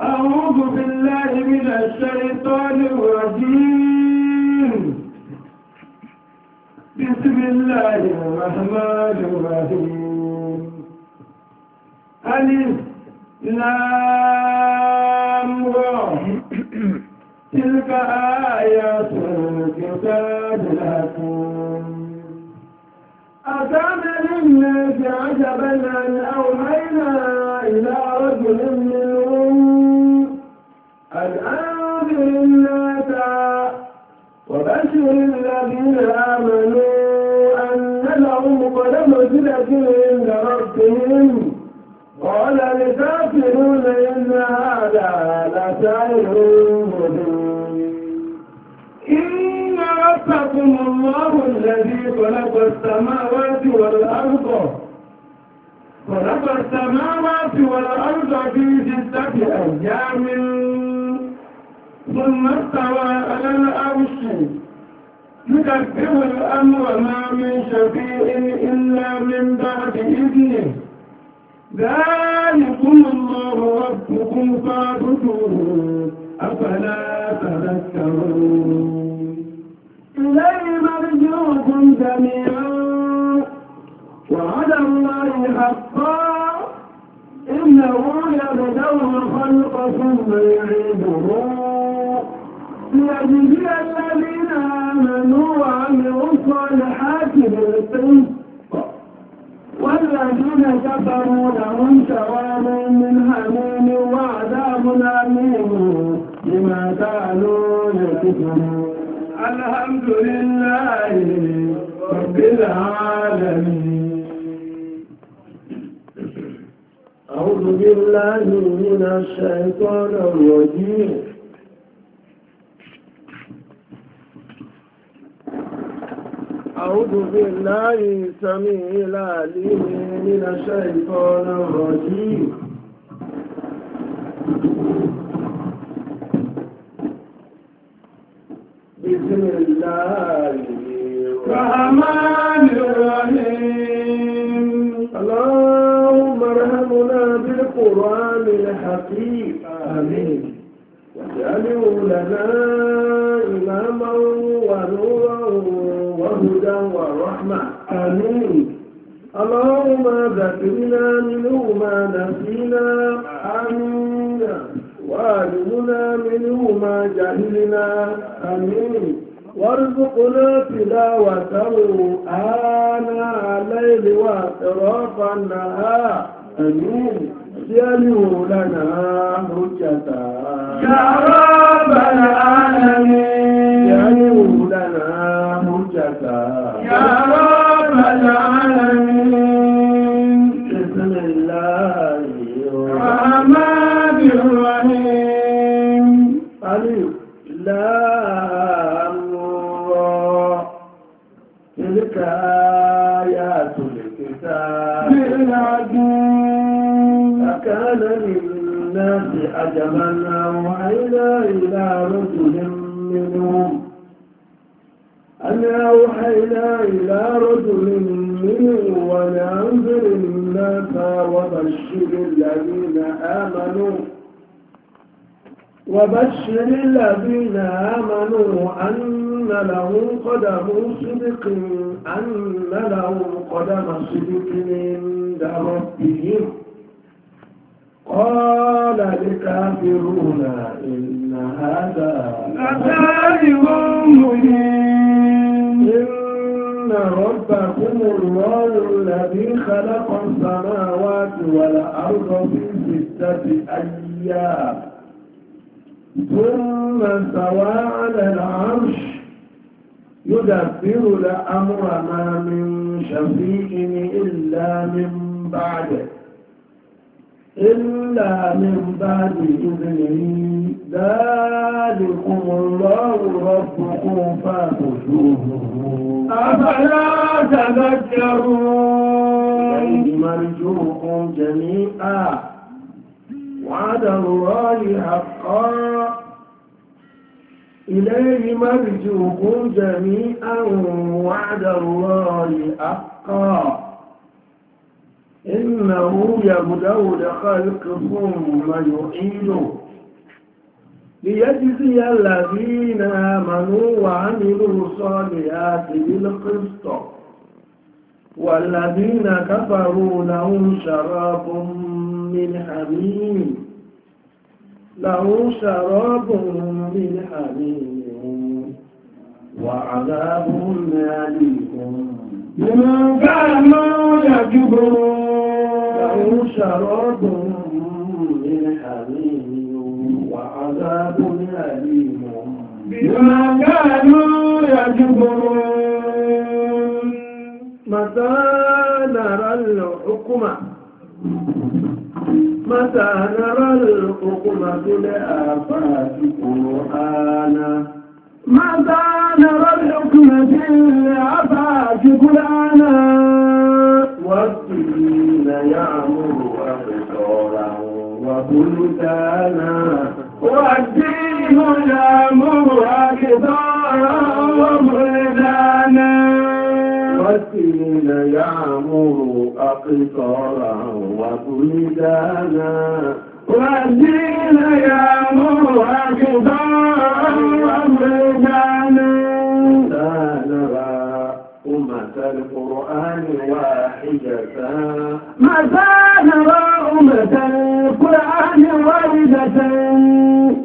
أعوذ بالله من الشيطان الرجيم بسم الله الرحمن الرحيم ألف لام تلك آيات الكتاب الحكيم أكان للناس عجبا أن أوحينا إلى رجل منهم أن أنذر الناس وبشر الذين آمنوا أن لهم قدم صدق عند ربهم قال لتغفرون إن هذا لسائر ربكم الله الذي خلق السماوات والأرض خلق السماوات والأرض في ستة أيام ثم استوى على العرش يكبر الأمر ما من شفيع إلا من بعد إذنه ذلكم الله ربكم فاعبدوه أفلا تذكرون إليه مرجوكم جميعا وعد الله حقا إنه يبدو الخلق ثم يعيده ليجزي الذين آمنوا وعملوا الصالحات بالصدق والذين كفروا لهم ثواب من حميم وعذاب أليم بما كانوا يكفرون الحمد لله رب العالمين أعوذ بالله من الشيطان الرجيم أعوذ بالله سميع العليم من الشيطان الرجيم بسم الله الرحمن الرحيم اللهم ارحمنا بالقرآن الحكيم آمين واجعله لنا إماما ونورا وهدى ورحمة آمين اللهم ذكرنا منه ما نسينا آمين وعلمنا منه ما جهلنا آمين وارزقنا تلاوته آناء الليل وأطراف النهار آمين اجعله لنا حجة يا رب العالمين اجعله لنا حجة يا رب العالمين تلك آيات الكتاب بالعدل فكان للناس عجبا أوحينا إلى رجل منهم أن أوحينا إلى رجل منهم ونأنذر الناس وبشر الذين آمنوا وبشر الذين آمنوا أن أن له قدم صدق أن له قدم صدق عند ربهم قال لكافرون إن هذا لسائر مهين إن ربكم الله الذي خلق السماوات والأرض في ستة أيام ثم سوى على العرش يدبر الأمر ما من شفيع إلا من بعد إلا من بعد إذنه ذلكم الله ربكم فاتشوه أفلا تذكرون إليه مرجوكم جميعا وعد الله حقا إليه مرجوكم جميعا وعد الله حقا إنه يبدأ لخلق ثم يعيده ليجزي الذين آمنوا وعملوا الصالحات بالقسط والذين كفروا لهم شراب من حميم له شراب من حميم وعذاب أليم لمن كان يكبر له شراب من حميم وعذاب أليم بما كانوا يكبرون متى نرى الحكمة متى نرى الحكمة لآفات قرآنا متى نرى الحكمة لآفات قرآنا والدين يعمر أبصارا وبلدانا والدين يعمر أبصارا وبلدانا والتين يعمر أقطارا وبلدانا والتين يعمر أقطارا وبلدانا لا نرى أمة القرآن واحدة ما نرى أمة القرآن واحدة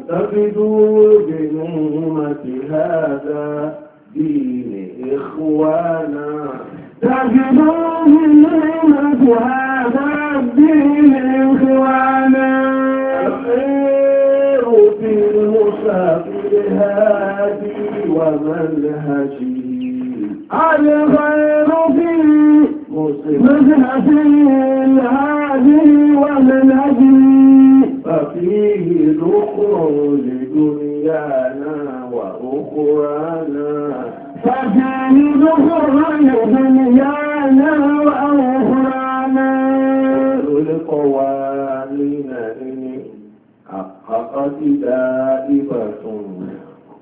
تبدو بنومة هذا دين أقوانا تجدوهم نعمة هذا الدين إخوانا الخير في المسافر هادي ومنهجي الخير في مذهبي الهادي ومنهجي ففيه نخرج دنيانا وأخرانا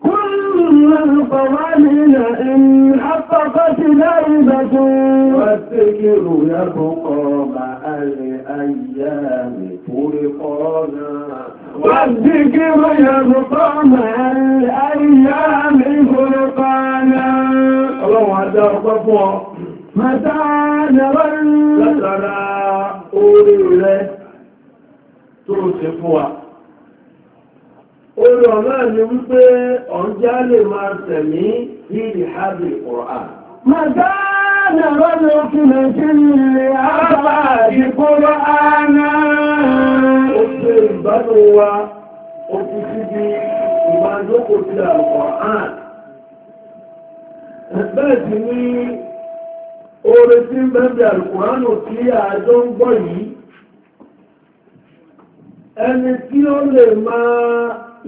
كل القوانين إن حقق شربة والذكر يبقى مع الأيام فرقانا والذكر يبقى مع الأيام فرقانا الله عز وجل متى نرى لترى أولي له ترسفوا Orí ọ̀nà ni wípé ọ̀njá lè máa tẹ̀mí ní ìhábì Kùrán. مكان رجل في الأبعاد قرآنا أصل بلوى أتسدي وما نقل إلى القرآن bẹ́ẹ̀sì ní oore tí ń bẹ́ẹ̀bẹ̀ alùkùránù tí àjọ ń gbọ́ yìí ẹni tí ó lè máa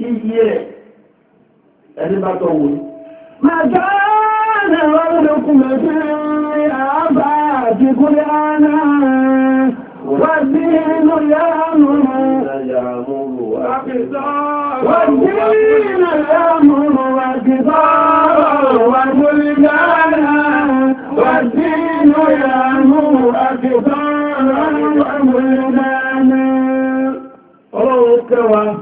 iye ẹ̀ ẹni bá tọ́wọ́ Màgáà أنا ربكم في آباتكم أنا والدين يأمر والدين يأمر والكفار والبلدان والدين يأمر والكفار والبلدان أوكي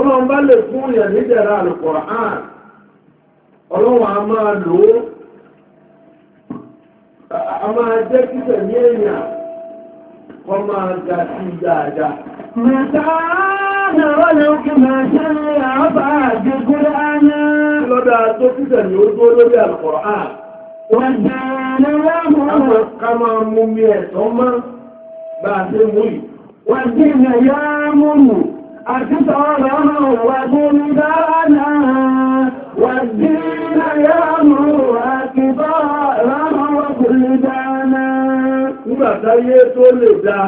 ọlọ́run bá lè fún yẹn nídẹ̀ra Al-Qur'an ọlọ́run a máa lò ó a máa jẹ́ kíkẹ̀ ní èèyàn máa ga sí dáadáa. Mẹ́ta náà ló kí máa ṣẹlẹ̀ àbá àgbégbé ánà. Lọ́dà tó kíkẹ̀ ní ó dúró lórí Al-Qur'an. Wọ́n أكثرهم وبلدانا والدين يامر أكثرهم وبلدانا Nígbà táyé tó lè dá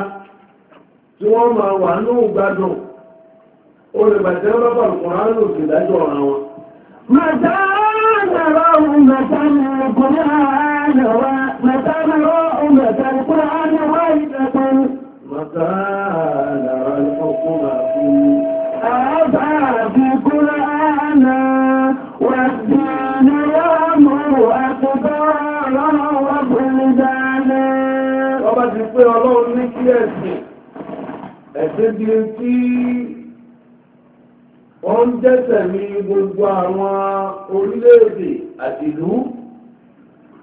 tí wọ́n máa wà ní ìgbádùn, ó lè bàtẹ́ rọ́bà kùnránù sí ìdájọ́ ọ̀ràn wọn. Màtá nàrọ̀ òun màtá nàrọ̀ kùnránù wá, màtá nàrọ̀ òun màtá kùnránù wá ìdàkùn. وقال الحكم في هذا بقرآن والدين يامر أكبر وبلدان ọba ti pé ọlọ́run ní kí ẹ̀sìn ẹ̀sìn di tí wọ́n ń jẹ́sẹ̀ ní gbogbo àwọn orílẹ̀-èdè àti ìlú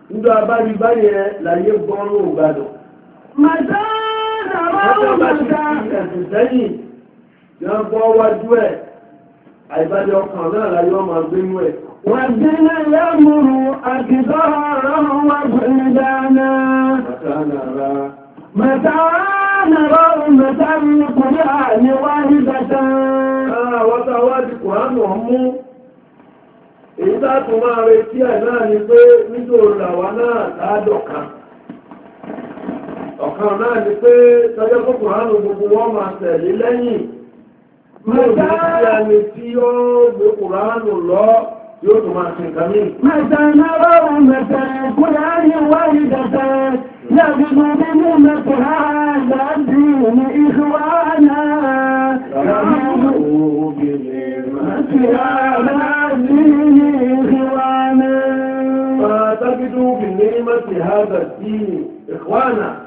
nígbà báyìí báyìí láyé gbọ́nrún ògbàdàn. màdán Àìbájọ ọkàn náà láyé ọmọ agbénú ẹ̀. Wọ́n tí ní lẹ́mùrù àti sọ́rọ̀ ọ̀rọ̀ wà pẹ̀lú dáadáa. Mẹ̀ta nàrọ̀ mẹ̀ta ní kùrí àníwá ní bẹ̀ta. Àwọn tàwádìí kò hánà mú. Èyí tá ọ̀kan náà ni pé tọ́jọ́ tó kùránù gbogbo wọ́n máa tẹ̀lé lẹ́yìn mọ́ta ẹni tí ó gbé kùránù lọ yóò tó máa ṣe nǹkan mí. mẹ́ta náírà wọn mẹ́ta kùránì wáyé dàtà láti mọ nínú mẹ́ta láti ní ìṣúwá náà láti mọ obìnrin láti láti ní ìṣúwá náà. فتجدوا بالنعمة هذا الدين إخوانا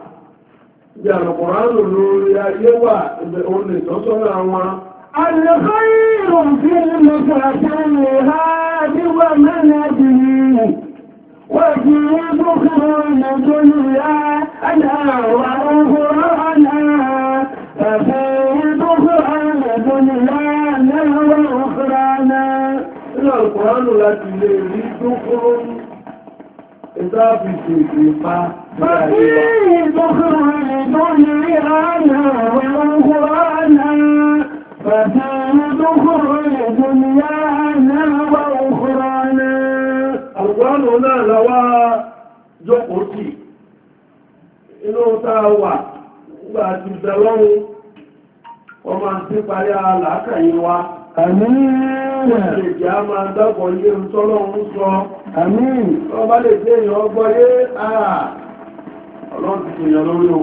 bí àrùkùnránù lórí ayé wà ìbẹ̀ òun lè tọ́sọ́nà wọn Àlẹ́kọ́rìrùn fi mọ̀sàtàlì ha bí wà mẹ́lẹ̀ bìí wà kí ní búkúrò nàìjíríà aláwọ̀ ọgbọ̀rọ̀ aláà ẹ̀fẹ́ búkúrò nàìjíríà lẹ́wọ̀ ọkùnránà. Ilé ọ̀pọ̀ ففيه تخرج تجري عنها ولو قرانا ففيه تخرج دنيا عنها وأخرانا أولنا لوا jókòótì inú tá a wà nígbà tí ìdẹ̀lọ́run ọmọ àti ala aláàkàyí wa àmín ìjẹ́ a máa dábọ̀ ilé ìtọ́lọ́run sọ àmín ọba lè dé èèyàn ọgbọ́yé àà ọlọ́run ti tòyà lórí o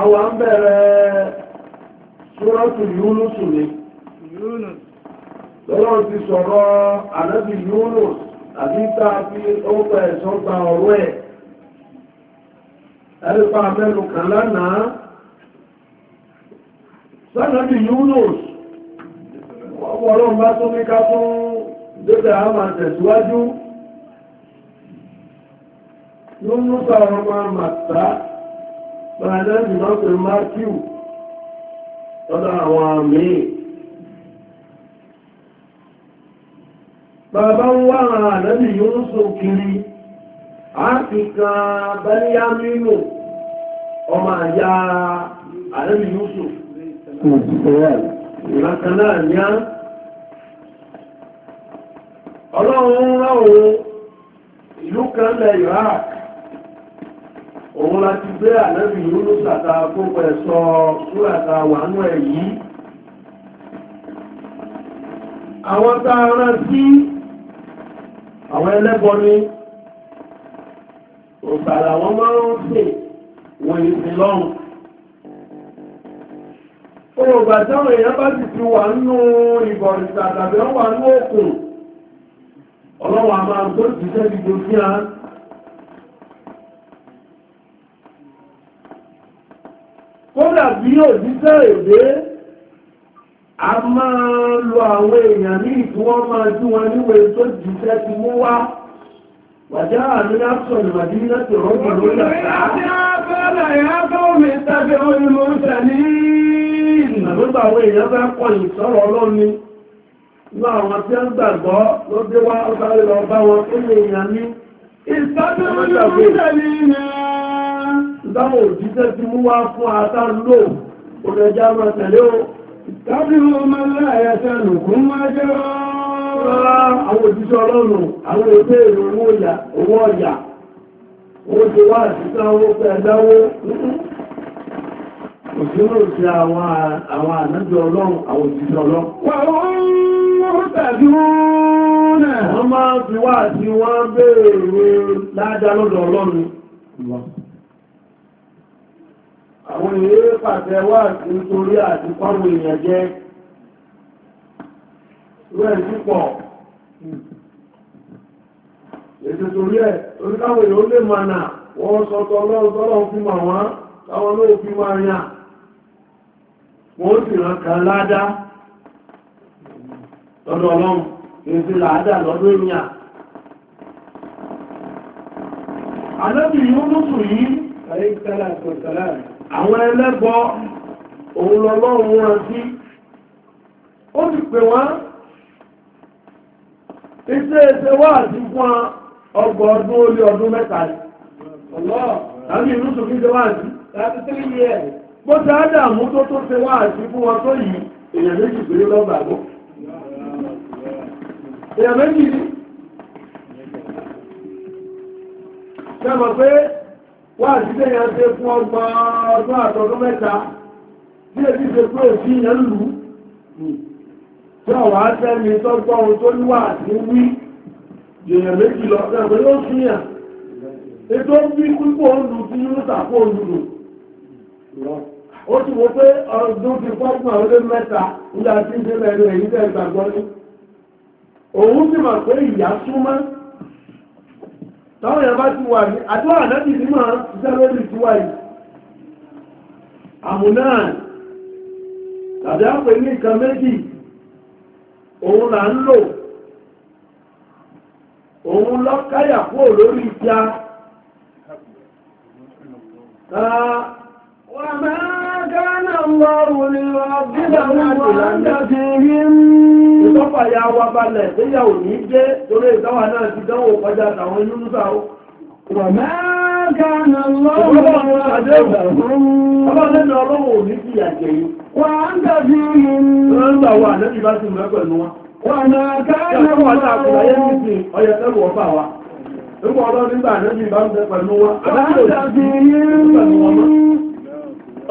àwọn à ń bẹ̀rẹ̀ ṣúrọ́tù yúnúsù ni lọ́lọ́run ti sọ̀rọ̀ ànábì yúnús àti tá a fi ọgbà ẹ̀sọ́ gba ọ̀rọ̀ ẹ̀ ẹ̀rípa abẹ́nu kan lánàá sánàbì yúnús ọlọ́run bá tún ní ká tún débẹ̀ á máa tẹ̀síwájú ló mú sọ̀rọ̀ wọn màtá pẹ̀lẹ́dì mákíù lọ́dọ̀ àwọn àmì bàbá ń wá àwọn àdẹ́bì yóò sọ kiri áfíkà bẹ́líyà mímò ọmọ àyà àdẹ́bì yóò sọ ìrákaná àyà ọlọ́run ìlú kan lẹ̀ Iraq òun láti gbé ànábì yúnú sàtà kópa ẹ̀sọ́ súràtà wàánú ẹ̀ yìí àwọn tá a rán sí àwọn ẹlẹ́bọ òsàlà wọn máa ń sè wọ́n yìí sí olùgbà táwọn èèyàn bá sì ti wà nínú ìbọ̀rìsà tàbí wà ní òkun ọlọ́wọ́ a máa tó ti sẹ́bi tó dàbí òjíṣẹ́ èdè a máa lo àwọn èèyàn ní ìtúwọ́ máa tí wọn níwẹ̀ tó jíṣẹ́ ti mú wá wàjá àmì lápsọ̀ ìwàdí láti rọ́gbọ̀n lórí àṣà ní àwọn tí ó ń gbàgbọ́ ló dé ní ìsádọ́rọ̀ ìdáwọn òjíṣẹ́ ti mú wá fún àtàlò òrẹjá máa tẹ̀lé o tàbí ọmọ láàyẹsẹ̀ nùkún máa jẹ́ àwọn òjíṣẹ́ ọlọ́run àwọn ètò èrò owó ọ̀yà owó ti wá àtìsá owó pẹ̀lẹ́wó òṣèlú wọ́n máa fi wá àti wọ́n ládá lọ́dọ̀ ọlọ́run àwọn èèyàn pàṣẹ wà nítorí àti pàwọn èèyàn jẹ́ rẹ̀ púpọ̀ ètò ẹ̀ oníkáwọn èèyàn lè máa nà wọ́n sọ́tọ̀ ọlọ́run tọ́lọ́run fi mà wọ́n táwọn fi máa wọ́n sì kan ládá lọ́dọ̀ ọlọ́run èsì làádà lọ́dọ̀ èèyàn àwọn ẹlẹ́bọ òun lọ́lọ́run wọn sí ó ti pè wọ́n iṣẹ́ iṣẹ́ wà sí fún ọgbọ̀ ọdún olè ọdún mẹ́ta tàbí inú sókè ṣe wà sí láti tírí yẹ bó ti á dààmú tó tó ṣe wà sí fún wọn tó yìí èèyàn méjì péré lọ́gbàgbọ́ èèyàn méjì ni ṣe mọ̀ pé wá àṣìṣẹ́ yẹn ṣe fún ọgbọ̀n ọdún àtọ́dún mẹ́ta bí èsì ṣe pé òsì yẹn lù ú tí ọ̀wà tẹ́mi tọ́gbọ́n tó níwà ní wí èèyàn méjì lọ ẹgbẹ́ yóò sí yàn ti mà pé ìyá súnmọ́ táwọn èèyàn bá ti wà ní àdúrà ànábì ní máa ṣiṣẹ́ lórí ìtúwà yìí àmúná tàbí àpè ní nǹkan méjì òun là ń lò òun lọ káyà kúrò lórí ìjà wọ́n máa الله Ìtọ́pàá wa balẹ̀ ìgbéyàwó ní jẹ́ torí ìdáwà náà ti dánwò kọjá àtàwọn inú lọ́wọ́ àwọn àdéhùn. Ọba lẹ́nu ọlọ́wọ́ ní ti àjẹ́ yìí. Wà ń tàbí ìrìn. Lọ́nà wà lẹ́bí bá ti na pẹ̀lú ọ Wà máa kàánà lọ́wọ́ àwọn ọ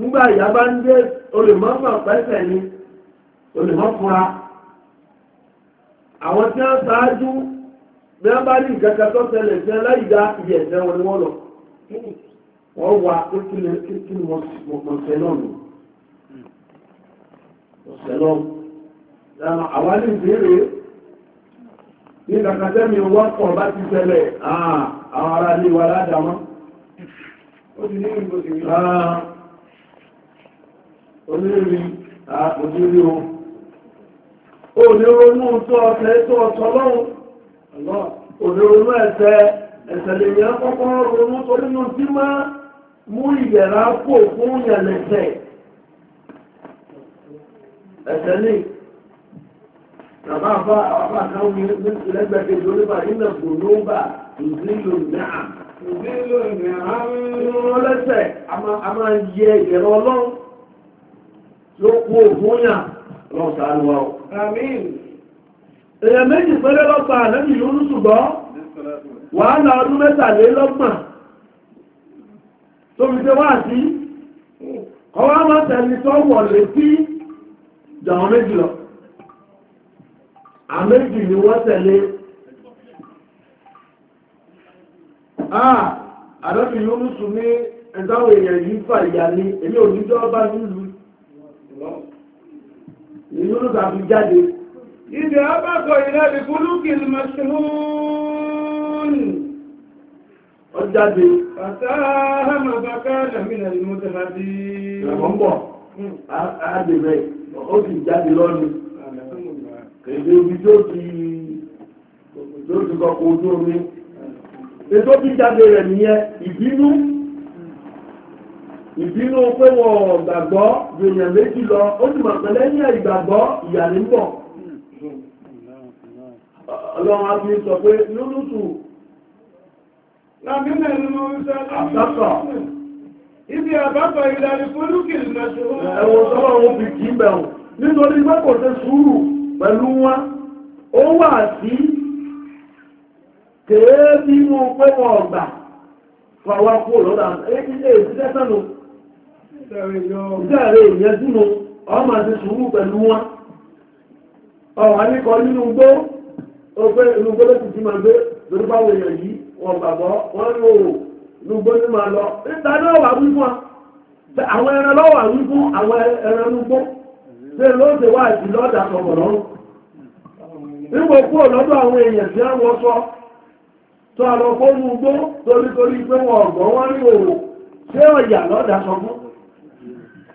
nígbà ìyá bá ń dé olùmọ́fà pẹ́sẹ̀ ni olùmọ́fura àwọn tí wọ́n ṣáájú bí wọ́n bá ní ìkẹ́kẹ́ tó tẹ̀lẹ̀ sí aláìga ìyẹ̀sẹ̀ wọn ni wọ́n lọ wọ́n wà ó kí lè kí ni wọ́n ṣe náà nù ọ̀sẹ̀ náà àwọn ní ìbéèrè ní kàkàtẹ́mi wọ́n kọ̀ bá ti tẹ̀lẹ̀ àwọn ará ní wà ládàá mọ́ onírin àpòdírí o oníronú tó ọ̀tẹ́ tó ọ̀tọ́ lọ́wọ́ oníronú ẹ̀tẹ́ ẹ̀tẹ̀lẹ̀ yẹn kọ́kọ́ ronú tó nínú tí máa mú ìyẹ̀rá kò fún ìyẹ̀lẹ̀tẹ̀ ẹ̀tẹ̀lẹ̀ bàbá àbá àbá kan wí ló kú òfún yà lọ́sàánúwà ọ̀. èèyàn méjì pẹ́lẹ́ lọ́pàá àlẹ́bì lórí ṣùgbọ́n wàhálà ọdún mẹ́tàlélọ́gbọ̀n tó fi ṣe wá sí ọwá máa tẹ̀lé tó wọ̀ létí jàwọn méjì lọ àméjì ni wọ́n tẹ̀lé àà àdọ́bì lórí ṣù ní ẹ̀dáwò èèyàn yìí fà ìyà ni èmi ò ní jọ́ bá nílùú ìlú tàbí jáde ìdí abákọ̀ ìrẹ́bì fúlúkì mashhun ó jáde pàtàkì bàkà nàmínà ìlú tàbí ẹ̀mọ́pọ̀ àádẹ́rẹ́ ó sì jáde lọ́nu kèdè ibi tó ti kọkọ̀ ojú omi ètò bí jáde rẹ̀ nìyẹn ìbínú ìbínú pé wọ́n gbàgbọ́ yòèyàn méjì lọ ó sì mọ̀ pé lẹ́yìn ìgbàgbọ́ ìyàlẹ́ ń bọ̀ ọlọ́run á fi sọ pé lúlùtù lábílẹ̀ nínú iṣẹ́ àbátọ̀ ibi àbátọ̀ ìlànà fúlùkì ìrìnàṣòro ẹ̀wọ̀n sọ́wọ́ wọn fi kì í bẹ̀rù nítorí pé kò ṣe sùúrù pẹ̀lú wọn ó wà sí kéé nínú pé wọ́n gbà fọwọ́ kó lọ́dà èyí ti ṣe èyí ti tẹ́sán lò ìdáàrẹ ọ ọmọ ti sùúrù pẹ̀lú wọn ọ̀wà níkọ nínú gbó ọgbẹ́ inú gbó lọ́tù tí máa gbé lórí èèyàn yìí wọn gbàgbọ́ wọn ní oòrùn inú gbó ní máa lọ níta ní ọ̀wà wí àwọn ẹran àwọn ẹran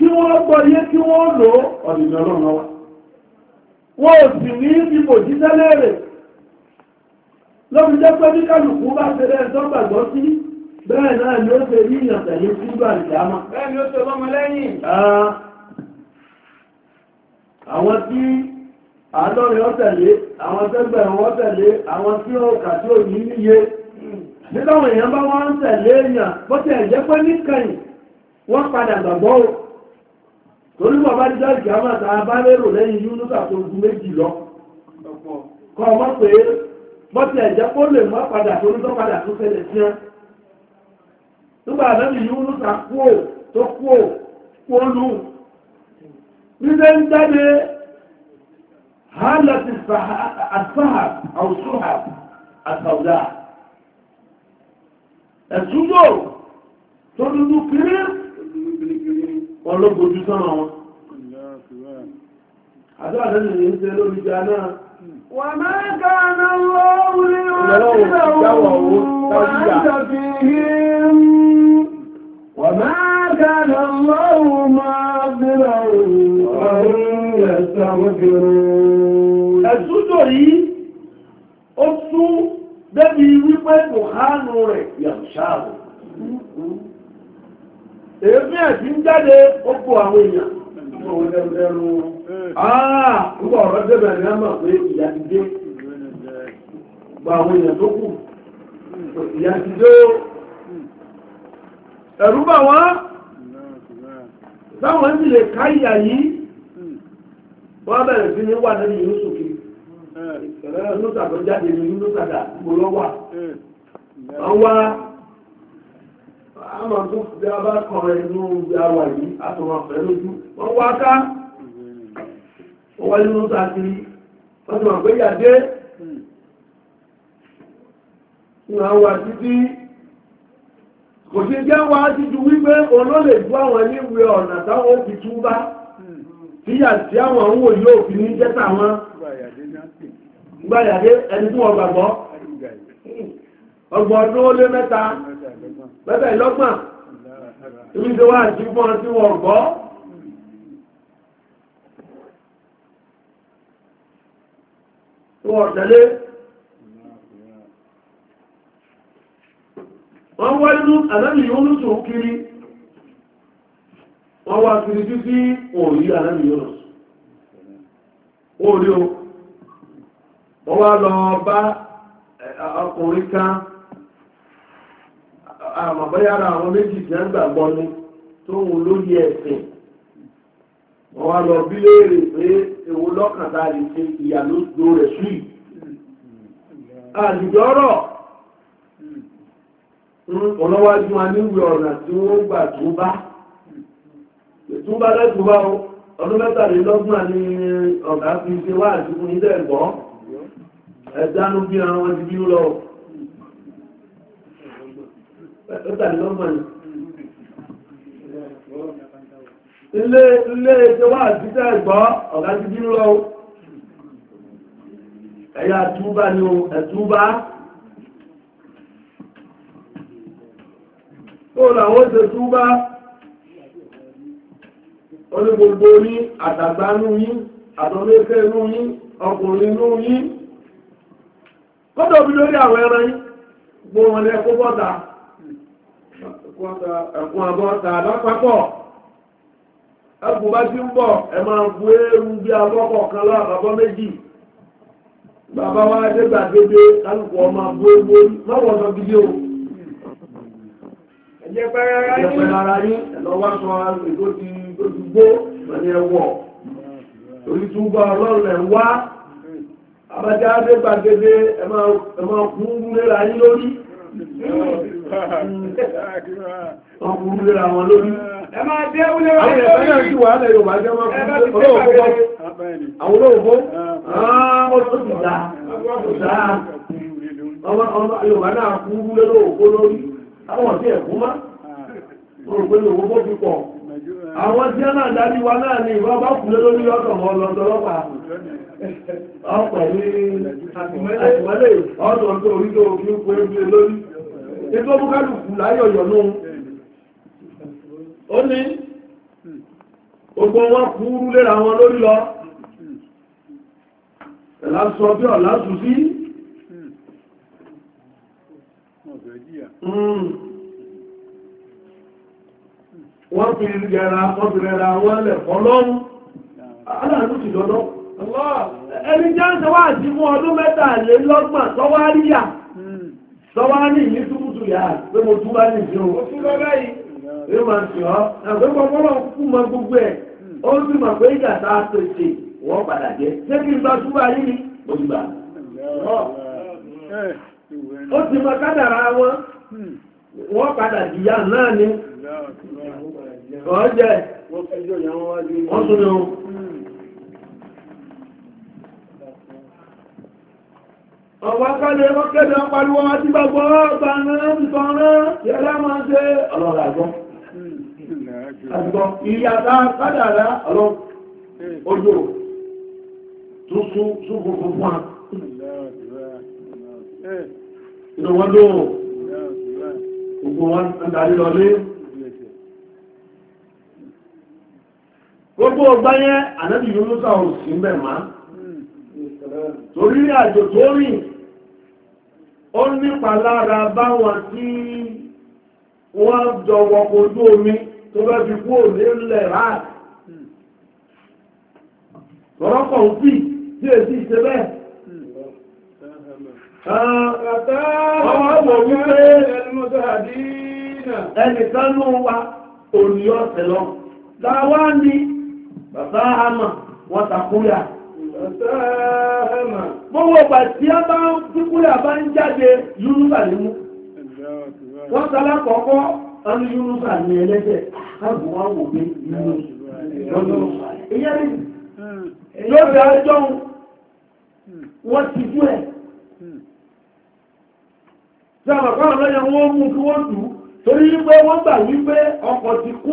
kí wọ́n gbọ́ yé kí wọ́n lò ọ̀dìdàn ọlọ́run wa wọ́n ò sì ní ibò jíjẹ́ léèrè lọ́bi jẹ́ pé ní kálukú bá ṣe lẹ́yìn sí bẹ́ẹ̀ náà ni ó ṣe rí ìyàtọ̀ yìí sí ìgbà ìjàmá bẹ́ẹ̀ ni ó ṣe lọ́mọ lẹ́yìn wọ́n padà gbàgbọ́ torí bàbá dídá ìjàmà tá a bá lérò lẹ́yìn yúnúsà tó gun méjì lọ kọ́ ọmọ pé mọ́tì ẹ̀jẹ̀ kó lè mọ́ padà torí tó padà tó fẹ́lẹ̀ sí án nígbà àdábì yúnúsà kúò tó kúò kúò lù nígbà ń jáde hálà ti àṣáhà àwùsùhà àtàwùdà ẹ̀sùn tó dúdú kiri wọn ló bojú sọ́nà wọn àdúrà lẹ́nu ní ṣe lórí ìjà náà wà máa kàánà lọ́wọ́ ní ọ̀rọ̀ Ó tún débi wípé kò hánú rẹ̀ yàmṣáàrù. èmi ẹ̀sí ń jáde àwọn èèyàn ọmọ ẹ̀rù ah, ọ̀rọ̀ pé ti dé gba àwọn èèyàn tó kù ti dé ó bà wọ́n yìí wọ́n bẹ̀rẹ̀ sí ní wà lẹ́yìn ìlú sókè àmà tó fi abá kan ẹnu àwà yìí àtọ̀mà fẹ́ lójú wọ́n wá ká ó wá nínú sáàkiri wọ́n ti mọ̀ pé yàdé ìwọ̀n àwà títí kò ṣe jẹ́ wá ti ju wípé olóòlè ju àwọn níwẹ̀ ọ̀nà táwọn fi tú bá tí yàtí àwọn òun wò yóò fi ní jẹ́ táwọn gbàyàdé ẹni tí wọ́n gbàgbọ́ ọgbọ̀n ọdún ó lé mẹ́ta bẹ́bẹ̀ lọ́gbọ̀n ibi tó wà sí fún ọ tí wọ́n gbọ́ tí wọ́n tẹ̀lé wọ́n wá inú àlẹ́mì yónúsù kiri wọ́n wá kiri títí òòrí àlẹ́mì yónúsù òòrí o wọ́n wá lọ bá ọkùnrin kan àmọ̀bọ́yára àwọn méjì tí wọ́n gbàgbọ́ ní tó ń lóye ẹ̀sìn wọ́n wá lọ bí léèrè pé èwo lọ́kàndá lè ṣe ìyàlódò rẹ̀ sí àdìjọ́rọ̀ ọlọ́wájú wa níwèé ọ̀nà tí wọ́n gbà tó bá tó bá lẹ́tù bá ọdún mẹ́tàlélọ́gbọ̀n ni ọ̀gá fi ṣe wá àdìkún ilé ẹ̀gbọ́n ẹ̀dánú bí ara wọn ti bí lọ Ilé ilé ẹjọ́ wà títẹ́ ẹ̀gbọ́ ọ̀gá ti bínú lọ. Ẹ̀yà túbá ni o, ẹ̀túbá. Tó làwọn ṣe túbá, onígbogbo ní àtàgbà nú yín, àtọ́lẹ́fẹ́ nú yín, ọkùnrin nú yín. Kọ́dọ̀ bí lórí àwọn ẹran yín, gbogbo wọn lẹ́kọ́ bọ́ta ẹ̀kún àbọ́ta lápapọ̀ ẹkùn bá ti ń bọ̀ ẹ máa bu eérú bí abọ́kọ̀ kan lọ àbábọ́ méjì bàbá wa dégbà dédé kálukú ọmọ bu eérú lọ́wọ́ sọ gidi o ẹ̀jẹ̀pẹ̀rẹ̀ ara yín lọ́wọ́ sọ ètò ti gbó pẹ̀lú ẹwọ̀ orí tún bá ọlọ́run ẹ̀ wá abájá dégbà dédé ẹ máa kún un léra yín lórí. ọkùnrin lera wọn lórí ẹ máa jẹ́ wúlé wọn lórí àwọn ẹ̀fẹ́ náà jẹ́ fún àwọn olóòfó àwọn àwọn tí náà ni ìwọ́n bá lórí ní orí tó fi ń pè é ètò ọmọkálùkù láyọ̀yọ̀ náà ó ní ogbò wọn kúrú léra wọn lórí lọ ẹ̀lá sọ bí ọ̀lá sí hmm. wọ́n fi gẹ̀ra wọ́n wọ́n lẹ̀ fọ́lọ́run aláàrùn ti lọ́dọ́ ẹni jẹ́ ń sọ wá àti ọdún tú yá pé mo tú bá nìyí o ó báyìí èyí máa ń tì àgbẹ̀ kọ́kọ́ náà kú mọ gbogbo ẹ̀ ó sì mọ̀ pé ìjà tá a pèsè wọ́n padà jẹ́ ṣé kí n bá tú yìí ni mo ti ó ti mọ kádàrá wọn wọ́n padà jìyà náà ni. wọ́n ọ̀pọ̀ akálẹ̀ wọ́n kéde ọpàlúwọ́ àti gbàgbọ́ ọ̀gbàrán ìtọ̀rán yẹ́lá máa ń ṣe ọlọ́rọ̀ àgbọ́ àgbọ́ ìyàtà kádàrá ọlọ́ ojú túnṣú ṣúgbùn fún wa inú wọn ló gbogbo wọn ń darí lọlé gbogbo ọgbáyẹ ànábì yóò ló sáwọn sí mẹ́ máa torí àjò tó rìn ó nípa lára báwọn tí wọ́n jọwọ́ ojú omi tó bá fi kú òní ńlẹ̀ ráà rọ́pọ̀ ń fi tí è sí ìṣẹ́ bẹ́ẹ̀ ọwọ́ wípé ẹnìkan ló wa òní ọ̀sẹ̀ lọ láwá ní bàbá àmà wọ́n takúyà Gbogbo ọgbà tí a bá ń fíkúrà bá ń jáde Yúrúsà ní mú. Wọ́n sálá kọ̀ọ̀kọ́ ọdún Yúrúsà ní ẹlẹ́jẹ̀ káàkùn wá wò pé Yúrúsà. Yóò bẹ̀ ọjọ́ wọ́n ti jú ẹ̀. Sáàmà kọ́ ọ̀lọ́yẹ wọ́n mú kí wọ́n tù torí wípé wọ́n gbà wípé ọkọ̀ ti kú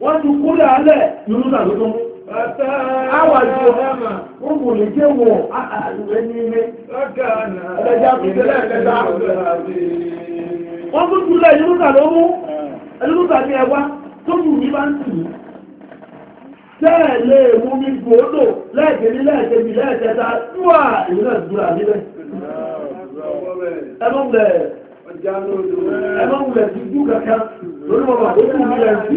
wọ́n ti kú láàálẹ̀ yorùbá ló tó àwà ìjọ ó kò lè jẹ́ wọ̀ àtàlùwẹ́ ní ilé ẹlẹ́jà pẹ̀lẹ́ ẹlẹ́jà wọ́n tún kúlẹ̀ yorùbá ló mú ẹlẹ́jà ní ẹwà tó mú mi bá ń tì í tẹ́ẹ̀ lè mú mi gbòódò lẹ́ẹ̀kẹ́ni lẹ́ẹ̀kẹ́ni lẹ́ẹ̀kẹta wà ìrìnà ìdúrà nílẹ̀ ẹmọ́wùlẹ̀ ẹmọ́wùlẹ̀ ti dú kankan lórí ọmọ àkókò nílẹ̀ sí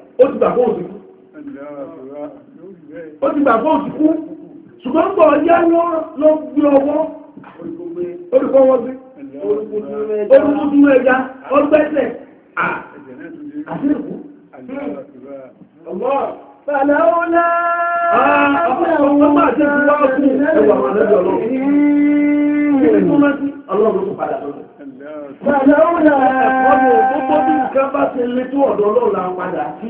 ó ti gbà fún òsìkú ṣùgbọ́n pọ̀ yá ló gbé ọwọ́ olùkọ́ wọn gbé olùkúdú ẹja ọgbẹ́sẹ̀ àṣírìkú ọlọ́run. tó rántí? Ọlọ́run tó padà lọ́dọ̀. Fàlàúlá ọmọ tó bí nǹkan bá ti lé tó ọ̀dọ̀ ọlọ́run la padà sí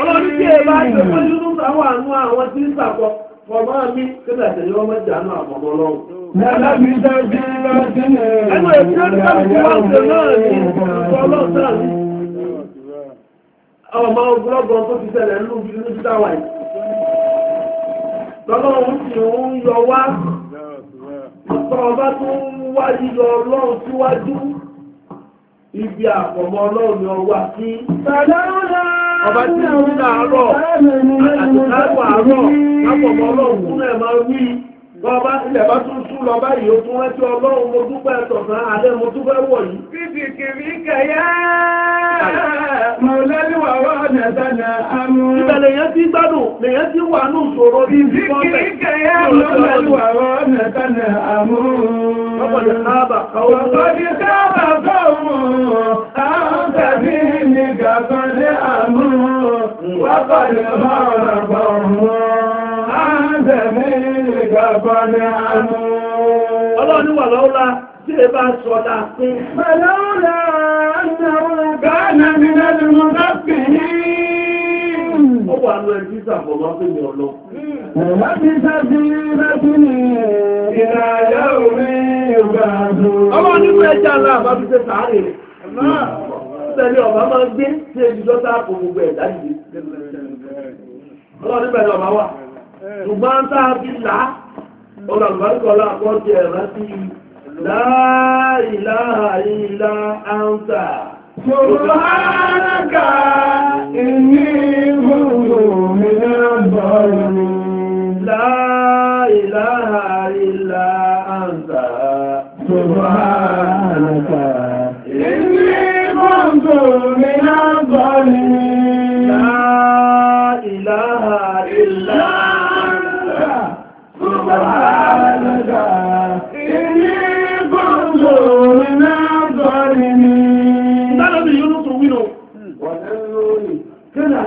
ọlọ́run tí ẹ bá ṣe fún yúrù sáwọn àánú àwọn tí ń sàkọ fọmọ mi kí lè tẹ̀lé ọmọ ìjà náà àmọ̀mọ́ ọlọ́run. Ẹnu ètí ó ní káàkiri wá ṣe náà ní ọlọ́run náà ní. Ọmọ ọgbọ́gbọ́n tó ti ṣẹlẹ̀ ń lù bí ní sítáwà yìí. Lọ́lọ́run ti ń yọ wá. Ìtọ́ ọba tó ń wá yíyọ ọlọ́run síwájú. Ibi àpọ̀mọ́ ọlọ́run ni ọwà sí. Tàdáwọ́dá! ọba tí ó ń láàárọ̀ àtàtàkọ̀ àárọ̀ lápọ̀mọ́ ọlọ́run fún ẹ̀ àwọn tàbí لقد خرجهم عن سبيلك فنعموا Ọlọ́run wà lọ́wọ́lá tí ẹ bá sọ́dá pín. Mẹ́lọ́lá ẹ̀nàwó gánà ní lẹ́nu mọ́ lápì ní. Ó wà lọ ẹ̀bí ìsàfọ̀mọ́ pé ní ọlọ́. Ẹ̀lá ti sáfí rẹ́kùn ní ìrìnàjò orí ìgbà àdó. Ọmọ nínú ẹja aláàbá fi ṣe sàárè. Ẹ̀lá tẹ̀lé ọ̀bá máa gbé tí ẹjù lọ́ta kò gbogbo ẹ̀dá yìí ọlọ́run níbẹ̀ lọ́mọ wà ṣùgbọ́n ń sáà fi là á olùbáríkọlá àkọ́jì ẹ̀rọ sí ìlà áńsà Subhanaka inni kuntu minal zalimin la ilaha illa anta Subhanaka inni kuntu minal zalimin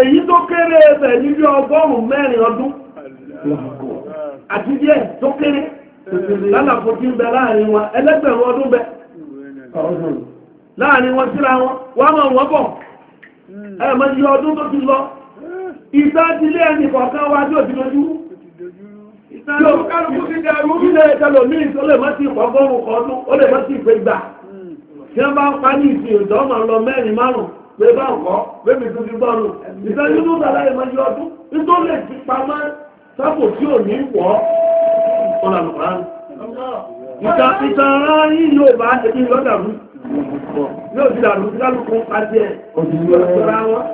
èyí tó kéré ẹ̀bẹ̀ níbi ọgọ́rùn-ún mẹ́rin ọdún àti díẹ̀ tó kéré lálàfo tí ń bẹ láàrin wọn ẹlẹ́gbẹ̀rún ọdún bẹ láàrin wọn síra wọn wọ́n mọ̀ wọ́n bọ̀ ẹ̀mọ̀ ọdún tó ti lọ ẹni kọ̀ọ̀kan wá lè bá ọ̀kọ́ lẹ́mí tó ti bọ́ọ̀lù ìdájú tó dàda ìmọ̀ yọ ọdún nítorí lè ti pamọ́ sápò tí ò ní wọ́ ọ̀nà lùkọ́rán. ìta ìta ara yìí yóò bá ẹbí lọ́dàrú yóò ti dàrú sí kálukú àti ẹ̀ ọ̀dùnúra wọn.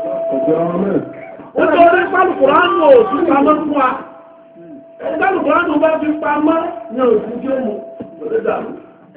ó tó lé kálukúrán ní òsì pamọ́ fún wa kálukúrán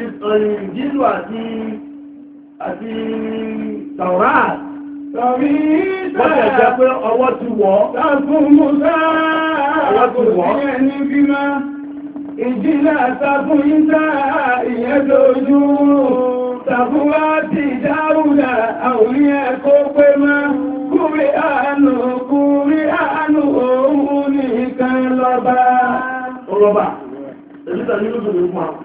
ìjìlù àti àti tàwárá tàbí ìtàlẹ̀ jẹ́ pé ọwọ́ ti wọ́ tàbùn mọ́sá ọwọ́ ti wọ́ ẹni bí má ìjìlẹ̀ tàbùn ìta ìyẹ́ lójú tàbùn wá ti dárúdà àwọn ẹ̀kọ́ pé má kúrí àánú kúrí àánú òun nìkan lọ́ba ọlọ́ba èyí tàbí lójú ní fún àwọn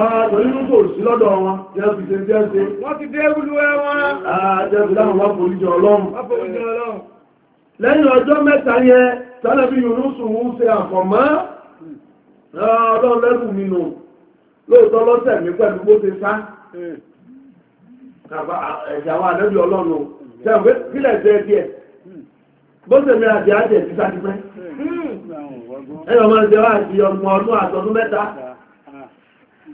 Àtòrínú kò sí lọ́dọ̀ wọn, jẹ́ fi ṣe jẹ́ ṣe. Wọ́n ti dé olúwẹ́ wọn. Àjẹ́ ah, fi láwọn wọ́n foríjọ ọlọ́run. Lẹ́yìn ọjọ́ mẹ́ta yẹn, tánàbí Yunúsù ń ṣe àfọ̀mọ́. Ah, ọlọ́run lẹ́kùn mi nù. Lóòtọ́ lọ́sẹ̀ mi pẹ̀lú bó ṣe sá. Ẹ̀jà wa àdẹ́bí ọlọ́run. Ṣẹ̀wé kílẹ̀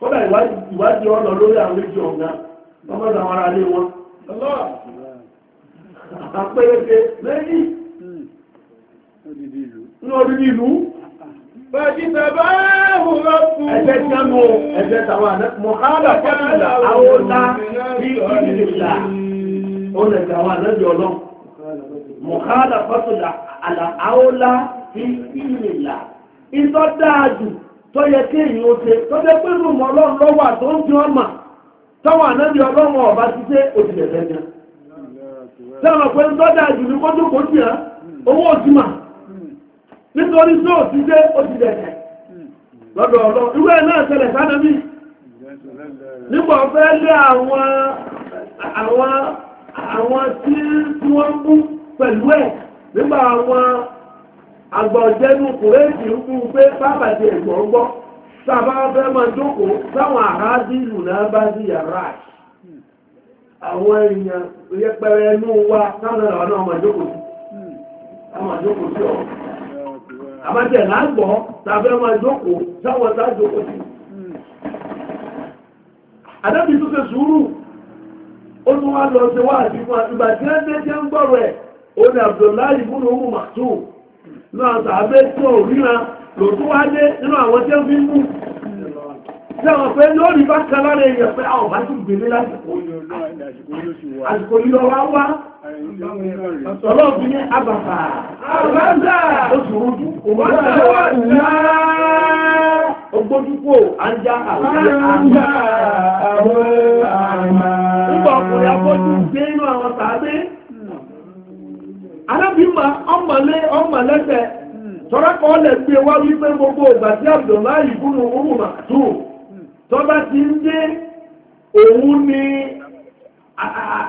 kódà ìwádìí ọ̀nà lórí àwọn méjì ọ̀gá lọ́mọdé àwọn ará lé wọn àpẹẹrẹ lẹ́yìn ní orílẹ̀ ìlú Bàjítàbá ẹ̀hùrọ̀ fún ẹgbẹ́ ìjọ́nù ẹgbẹ́ tàwà mọ̀kálà pàtàkì àwọn ọ̀tá bí ìrìnlẹ̀ ọ̀nà àwọn àlẹ́bí ọlọ́run mọ̀kálà pàtàkì àwọn ọ̀lá bí ìrìnlẹ̀ ìtọ́ dáadù tó yẹ kí èyí ó ṣe tó jẹ́ pé rúmọ̀ ọlọ́run lọ́wọ́ àtó ń fi ọmọ ànábì ọlọ́run ọba ti ṣe òṣìṣẹ́ lẹ́yìn sẹ́wọ̀n pé ń tọ́jà jù ní kó dúkò jì owó nítorí tó lọ́dọ̀ ìwé náà ṣẹlẹ̀ sánábì nígbà ọ̀fẹ́ lé àwọn tí wọ́n mú pẹ̀lú ẹ̀ nígbà àwọn àgbà ọ̀jẹ́nu kùrẹ́ẹ̀tì ń kú pé bábà ti gbọ́ jókòó sáwọn àhádì ìlú náà bá sí yàrá àwọn èèyàn yẹpẹrẹ ẹnu wa sáwọn ọ̀nà ọmọ jókòó sí ọmọ jókòó sáwọn jókòó sí ní àwọn àbẹ́ tí ó ríra lò tó wá dé nínú àwọn tí ó fi ń mú tí àwọn pé ní ó rí bá kan lára èèyàn pé àwọn bá sì gbèrè lásìkò àsìkò lílọ wá wá ọlọ́ọ̀bí ní àbàbà àbáńdà oṣù rúdú òmọ́sàlẹ̀ wà ogbójúkò ajá àwọn àmà àwọn àmà nígbà ọkùnrin afọ́jú gbé inú àwọn tàbí arábìmọ̀ ọmọlé ọmọlẹ́sẹ̀ tọ́lá kan lè gbé wá wípé gbogbo ìgbà tí abdullahi kúnnù ọmọ màtú tọ́ba ti ń dé òun ni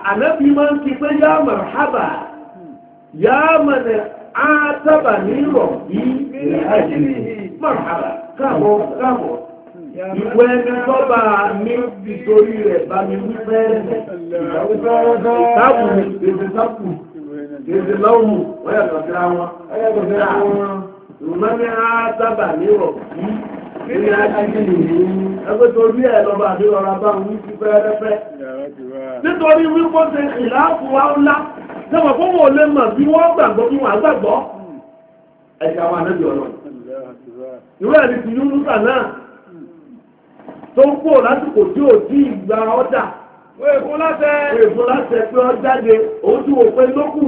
arábìmọ̀ ti pé yá marhaba yá mọ̀nẹ̀ átábà ní rọ̀bí marhaba káàbọ̀ káàbọ̀ ìwé ẹni tọ́ba ní ìtorí rẹ̀ bá mi wípé ìtàkùn ìtàkùn kìí lọ́wọ́ wọ́n yàtọ̀ síra wọn ẹ̀yẹ́dọ̀ síra ah, wọn ṣùgbọ́n ní a sábà a ọ̀kí ní ajínigbé nìyí ẹgbẹ́ torí ẹ̀ ọ̀rọ̀ bá wí nítorí ṣe ńlá sẹ́wọ̀n fún wọn lè mọ̀ bí wọ́n gbàgbọ́ bí wọ́n ọ̀nà.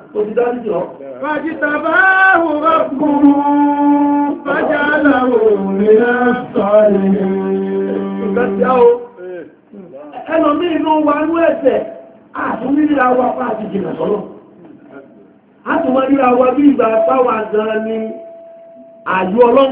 òtítọ́jú ọ́. Fàjítà bá hùwà kúrú, fàjá aláwò mìíràn sọ́rì. Ìgbẹ́sẹ̀ o, ẹlòmí inú wa ní ẹ̀sẹ̀, àtúnrí ríra wa pa àti jìnà sọ́lọ̀. A tún wá ríra wa bí ìgbà pàwà gan ni àyú ọlọ́run.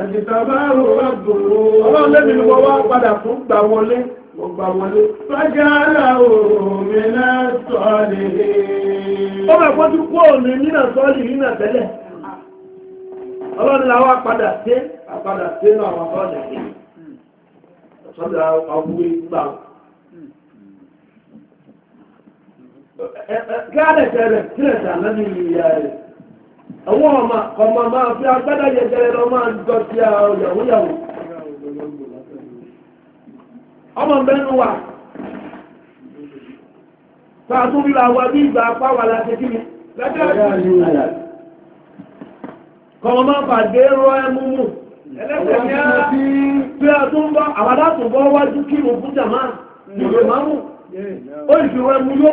àjìtàbáàrò rábò ọlọ́run ni wọ́n wá padà fún gbà wọlé gbà wọlé fájálà òmì náà sọ́ọ̀lì ó bẹ̀ pọ́jú kú òmì nínà sọ́ọ̀lì nínà tẹ́lẹ̀ ọlọ́run la wá padà sí àpadà sí náà àwọn sọ́ọ̀lì sí sọ́ọ̀lì àwúwé gbà kí á lẹ̀ tẹ́lẹ̀ sílẹ̀ tà lẹ́nu ìyá rẹ̀ àwọn ọmọ ọmọ máa fi agbádá yẹgẹrẹ lọ máa ń jọ sí yàwóyàwó ọmọ mẹ́nu wà fàtún ríra wa bí ìgbà apá wà láti kí ni lẹ́gbẹ̀ẹ́ kọmọ máa pàdé rọ ẹmú mú ẹlẹ́sẹ̀ ní ara bí a tún bọ́ àwàdá tún bọ́ wájú kí mo fún jàmáà nígbè máa mú ó ìfìwọ́ ẹmú yóò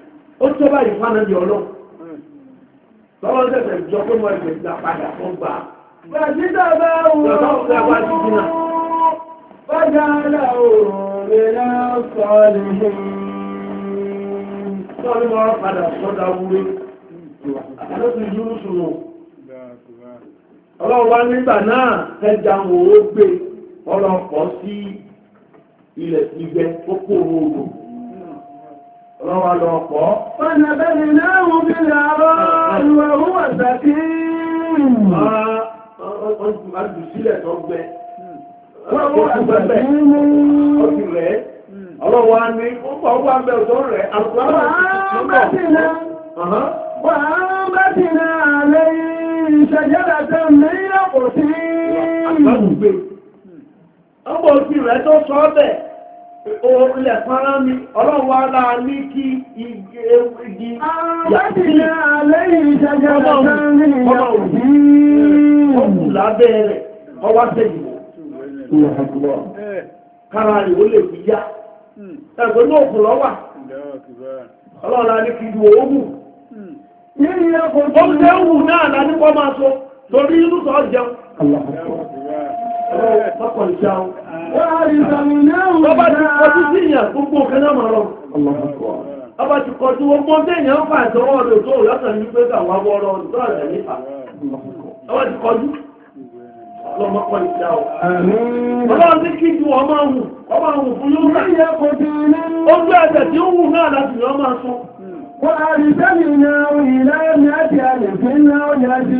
ó tó báyìí fún ànábì ọlọ́run lọ́wọ́ tẹ̀sẹ̀ jọ pé mo ẹ̀jẹ̀ gbà padà fún gbà. bàjẹ́ bàbá òun ọ̀gá wa ti dínà. bàjẹ́ òun mi sọ ní. sọ́ọ́ni mo rán padà sọ́dà wúre. àlọ́ ti dúró sùn ọlọ́run wá nígbà náà ẹja wo ó gbé ọlọ́pọ̀ sí ilẹ̀ ìgbẹ́ ó kó òun Ọlọ́wà lọ pọ̀. Fọ́nà bẹ́ni náà wù bí àárọ̀ ìwẹ̀ òwúwà sàkí. Máa jù sílẹ̀ tó gbẹ. Ọlọ́wà ní ọgbà ọgbà bẹ̀ tó rẹ̀. Wàá bá ti náà lẹ́yìn ìṣẹ̀jẹ́lẹ̀ tẹ́ mẹ́rin ọ̀pọ̀ sí. Àgbà Olẹ̀ fọ́nrán mi, ọlọ́wọ́ ara ní kí igi ewìdí yàtí lẹ́yìn ìjẹjẹ ọmọ lábẹ́ rẹ̀, ọwá sẹ́yìnwó. Kára rẹ̀ ó lè fi yá. Ẹgbẹ̀ náà kù lọ́wà. Ọlọ́ọ̀lá ní kí ju owó Nínú ẹkùn tó ń Ọba ti kọjú sí ìtọwọ́ ọdọ̀ tó ní pé àwọn abọ́rọ̀ ọdún tó àjẹ́ nípa. Ọba ti kọjú. Ọlọ́mọ́kọ́ ìjà ọ̀. Ọlọ́run ti kí ju ọmọ hù, ọmọ hù fún yóò Ó gbé tí ó wù náà láti àti náà yà sí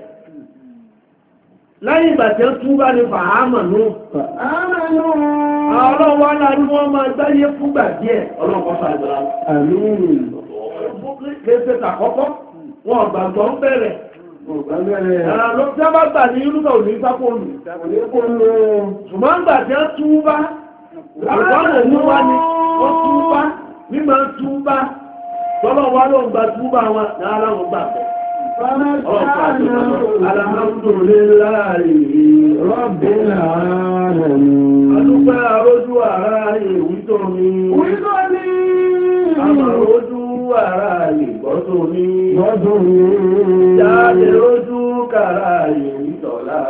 lẹ́yìn ìgbà tí ó túbá ní fàámànú ọlọ́wọ́ aláàrí wọ́n máa gbáyé fúgbà díẹ̀ a bá ní irúgbà òní sápòlù ṣùgbọ́n gbà tí ó túbá àgbọ́nà níwá ni ó túbá mímọ̀ Alhamdulillahi Rabbil alamin. Adúgbà ojú ara rẹ̀ wító mi. Wító mi. Àmà ojú ara rẹ̀ gbọ́tò mi. Gbọ́tò mi. Jáde ojú kàrà rẹ̀ wítọ̀lá.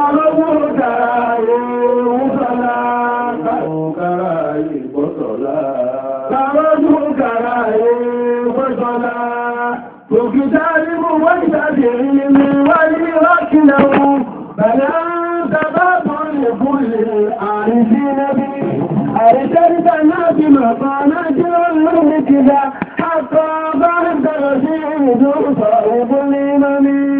Àlọ́gbọ́ kàrà rẹ̀ wúfọ́lá. Àwọn kàrà rẹ̀ gbọ́tọ̀lá. بعلم وليرك له فلا سبب لكل عارف نبي أرسلت نبي مقامة الأرض كذا حتى بعد رشيد صاحب الإمام